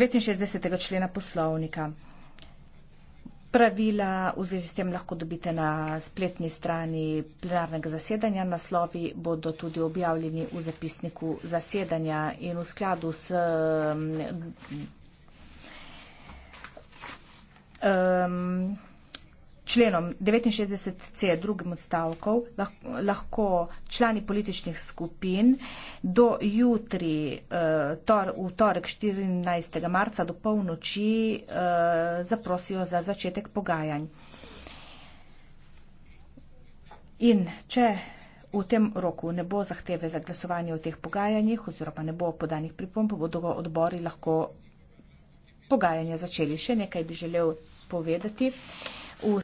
69. člena poslovnika. Pravila v zvezi s tem lahko dobite na spletni strani plenarnega zasedanja. Naslovi bodo tudi objavljeni v zapisniku zasedanja in v skladu s um, um, členom 69c drugim odstavkov lahko člani političnih skupin do jutri eh, v torek 14. marca do polnoči eh, zaprosijo za začetek pogajanj. In če v tem roku ne bo zahteve za glasovanje v teh pogajanjih oziroma ne bo podanih pripomb, bodo odbori lahko pogajanja začeli. Še nekaj bi želel povedati.